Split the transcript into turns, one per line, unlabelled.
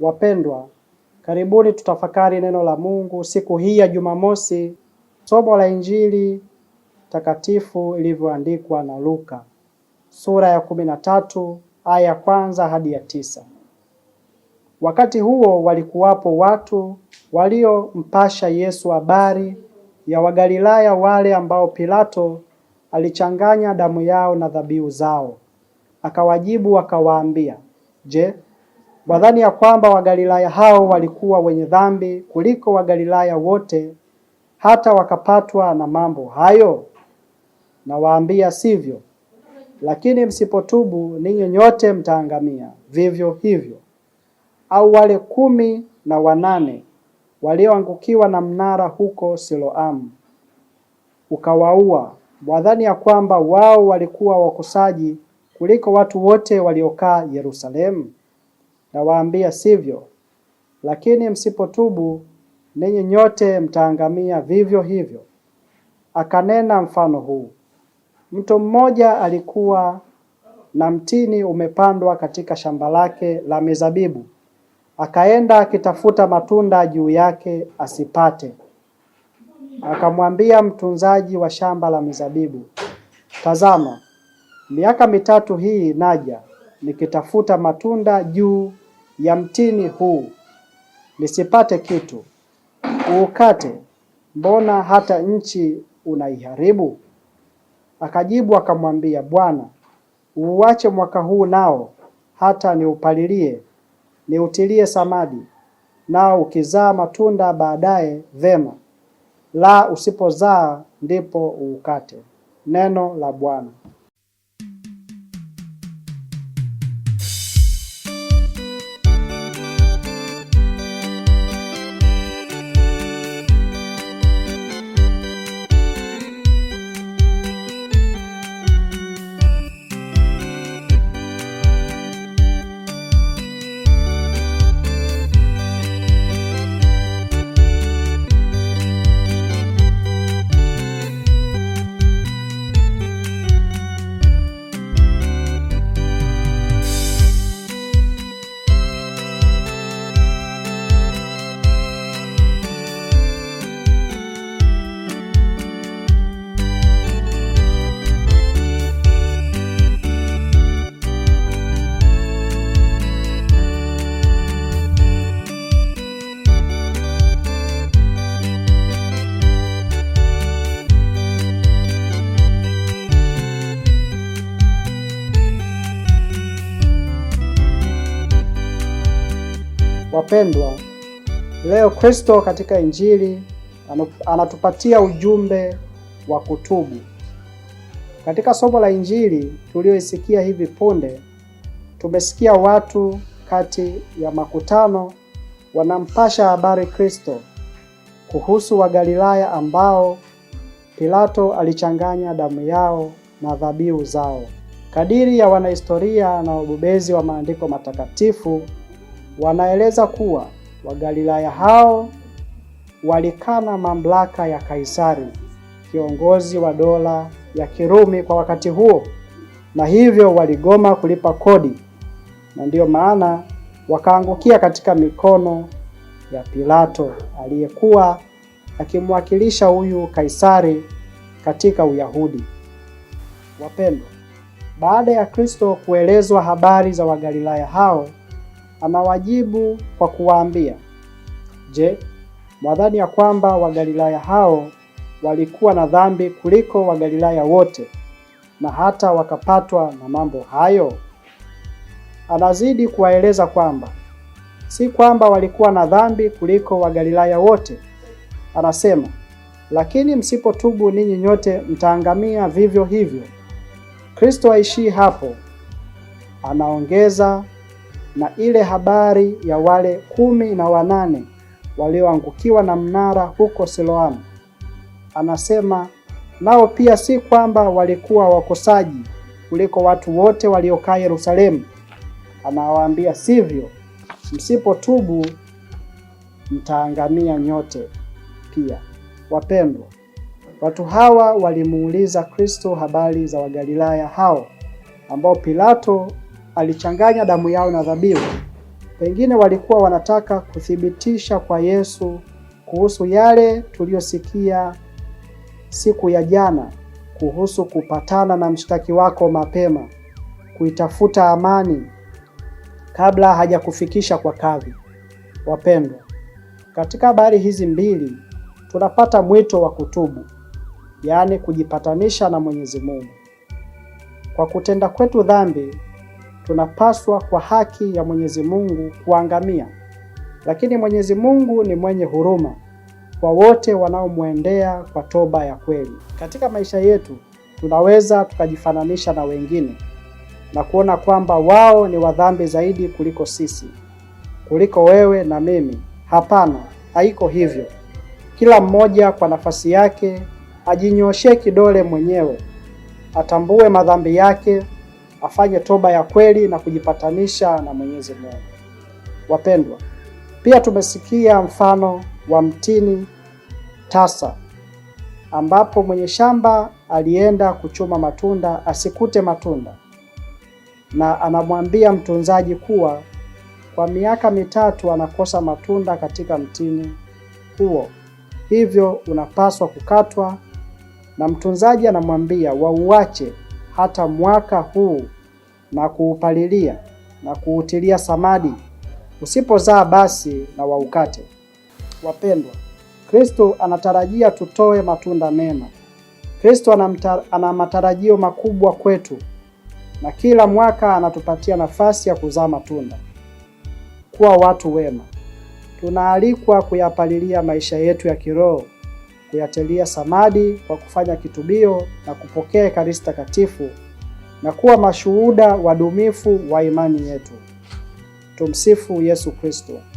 Wapendwa, karibuni tutafakari neno la Mungu siku hii ya Jumamosi, somo la Injili takatifu ilivyoandikwa na Luka sura ya kumi na tatu aya ya kwanza hadi ya tisa. Wakati huo walikuwapo watu waliompasha Yesu habari ya Wagalilaya wale ambao Pilato alichanganya damu yao na dhabihu zao. Akawajibu akawaambia, Je, wadhani ya kwamba Wagalilaya hao walikuwa wenye dhambi kuliko Wagalilaya wote hata wakapatwa na mambo hayo? Nawaambia sivyo. Lakini msipotubu ninyi nyote mtaangamia vivyo hivyo. Au wale kumi na wanane walioangukiwa na mnara huko Siloamu ukawaua, mwadhani ya kwamba wao walikuwa wakosaji kuliko watu wote waliokaa Yerusalemu? nawaambia sivyo, lakini msipotubu ninyi nyote mtaangamia vivyo hivyo. Akanena mfano huu: mtu mmoja alikuwa na mtini umepandwa katika shamba lake la mizabibu, akaenda akitafuta matunda juu yake asipate. Akamwambia mtunzaji wa shamba la mizabibu, tazama, miaka mitatu hii naja nikitafuta matunda juu ya mtini huu, nisipate kitu; uukate, mbona hata nchi unaiharibu? Akajibu akamwambia, Bwana, uuache mwaka huu nao, hata niupalilie, niutilie samadi, nao ukizaa matunda baadaye, vema; la usipozaa, ndipo uukate. Neno la Bwana. Wapendwa, leo Kristo katika Injili anatupatia ujumbe wa kutubu. Katika somo la Injili tulioisikia hivi punde, tumesikia watu kati ya makutano wanampasha habari Kristo kuhusu Wagalilaya ambao Pilato alichanganya damu yao na dhabihu zao. Kadiri ya wanahistoria na wabobezi wa maandiko matakatifu wanaeleza kuwa Wagalilaya hao walikana mamlaka ya Kaisari, kiongozi wa dola ya Kirumi kwa wakati huo, na hivyo waligoma kulipa kodi, na ndiyo maana wakaangukia katika mikono ya Pilato aliyekuwa akimwakilisha huyu Kaisari katika Uyahudi. Wapendwa, baada ya Kristo kuelezwa habari za Wagalilaya hao anawajibu kwa kuwaambia, Je, mwadhani ya kwamba Wagalilaya hao walikuwa na dhambi kuliko Wagalilaya wote na hata wakapatwa na mambo hayo? Anazidi kuwaeleza kwamba si kwamba walikuwa na dhambi kuliko Wagalilaya wote. Anasema, lakini msipotubu ninyi nyote mtaangamia vivyo hivyo. Kristo aishii hapo. Anaongeza na ile habari ya wale kumi na wanane walioangukiwa na mnara huko Siloam. Anasema nao pia si kwamba walikuwa wakosaji kuliko watu wote waliokaa Yerusalemu. Anawaambia sivyo, msipotubu mtaangamia nyote pia. Wapendwa, watu hawa walimuuliza Kristo habari za Wagalilaya hao ambao Pilato alichanganya damu yao na dhabihu. Pengine walikuwa wanataka kuthibitisha kwa Yesu kuhusu yale tuliyosikia siku ya jana kuhusu kupatana na mshtaki wako mapema, kuitafuta amani kabla hajakufikisha kwa kadhi. Wapendwa, katika habari hizi mbili tunapata mwito wa kutubu, yaani kujipatanisha na Mwenyezi Mungu kwa kutenda kwetu dhambi tunapaswa kwa haki ya Mwenyezi Mungu kuangamia, lakini Mwenyezi Mungu ni mwenye huruma kwa wote wanaomwendea kwa toba ya kweli. Katika maisha yetu tunaweza tukajifananisha na wengine na kuona kwamba wao ni wadhambi zaidi kuliko sisi, kuliko wewe na mimi. Hapana, haiko hivyo. Kila mmoja kwa nafasi yake ajinyoshe kidole mwenyewe, atambue madhambi yake afanye toba ya kweli na kujipatanisha na Mwenyezi Mungu. Wapendwa, pia tumesikia mfano wa mtini tasa ambapo mwenye shamba alienda kuchuma matunda asikute matunda, na anamwambia mtunzaji kuwa kwa miaka mitatu anakosa matunda katika mtini huo, hivyo unapaswa kukatwa, na mtunzaji anamwambia wauache hata mwaka huu na kuupalilia na kuutilia samadi, usipozaa basi na waukate. Wapendwa, Kristo anatarajia tutoe matunda mema. Kristo ana matarajio makubwa kwetu na kila mwaka anatupatia nafasi ya kuzaa matunda, kuwa watu wema. Tunaalikwa kuyapalilia maisha yetu ya kiroho kuyatilia samadi kwa kufanya kitubio na kupokea Ekaristi Takatifu na kuwa mashuhuda wadumifu wa imani yetu. Tumsifu Yesu Kristo.